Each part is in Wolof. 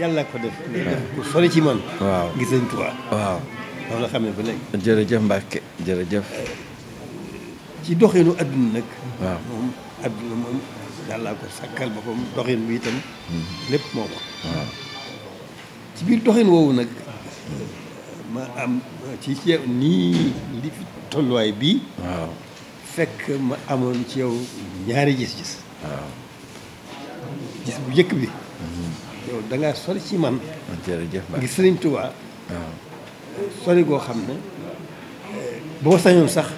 yàlla ko def. ku sori ci man. waaw gis nañ Tuubaa. la xam ne ba léegi. jërëjëf Mbacke jërëjëf. ci doxinu adduna nag. moom adduna moom yàlla ko sàkkal ba ko doxin bi itam. Mm-hmm. lépp moo biir doxin woowu nag. ma am ci ci yow nii li fi tolluwaay bii. fekk ma amoon ci yow ñaari gis-gis. waaw bu njëkk bi. Mm-hmm. yow da ngaa sori man. Ah, jërëjëf Mbacke ngir Serigne ah. goo xam ne eh, boo sañoon sax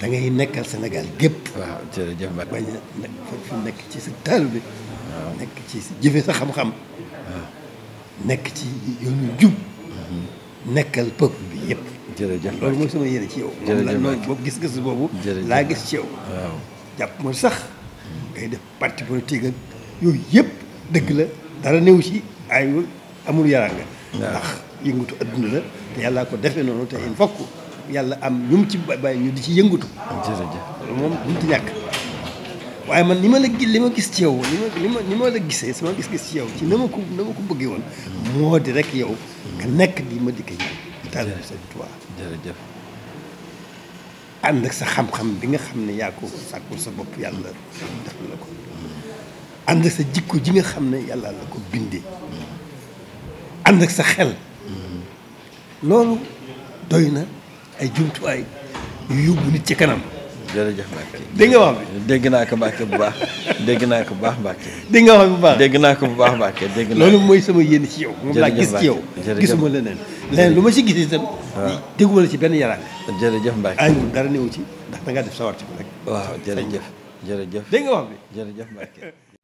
da ngay nekkal Sénégal gépp. waaw ah, bañ a fi nekk ci sa taal bi. nekk ci sa jëfe sa xam-xam. nekk ci yoonu jub. Mm-hmm. nekkal peuple bi yëpp. jërëjëf loolu mooy sama yére ci yow. jërëjëf moom boobu gis-gis boobu. laa gis ci yow. waaw jàpp mooy sax. Mm-hmm. ngay def parti politique ak yooyu yëpp dëgg la. dara néew ci ay amul yaraanga ndax yëngutu adduna la te yàlla ko defee noonu te in fokk yàlla am ñu ci ba bàyyi ñu di ci yëngutu loolu moom duñ ci ñàkk waaye man ni ma la li ma gis ci yow li ma li ma li ma la gisee sama gis-gis ci yow ci na ma ko na ma ko bëggee woon moo di rek yow nga nekk di ma dikk ñaan taal Sëñ sa xam-xam bi nga xam ne yaa ko sàkkul sa bopp yàlla def na ko ànd sa jikko ji nga xam ne yàlla la ko bindee ànd sa xel loolu doy na ay jumtuwaay yu yóbbu nit ci kanam. jërëjëf Mbacke dégg nga wax bi dégg naa ko Mbacke bu baax dégg naa ko bu baax Mbacke dégg nga bu baax dégg naa ko bu baax Mbacke dégg loolu mooy sama yéen ci yow moom laa gis ci yow gisuma leneen leneen lu ma si gis itam dégguma la ci benn yaraan jërëjëf Mbacke ay moom dara néew ci ndax da def sawar ci ko rek waaw jërëjëf jërëjëf dégg nga wax bi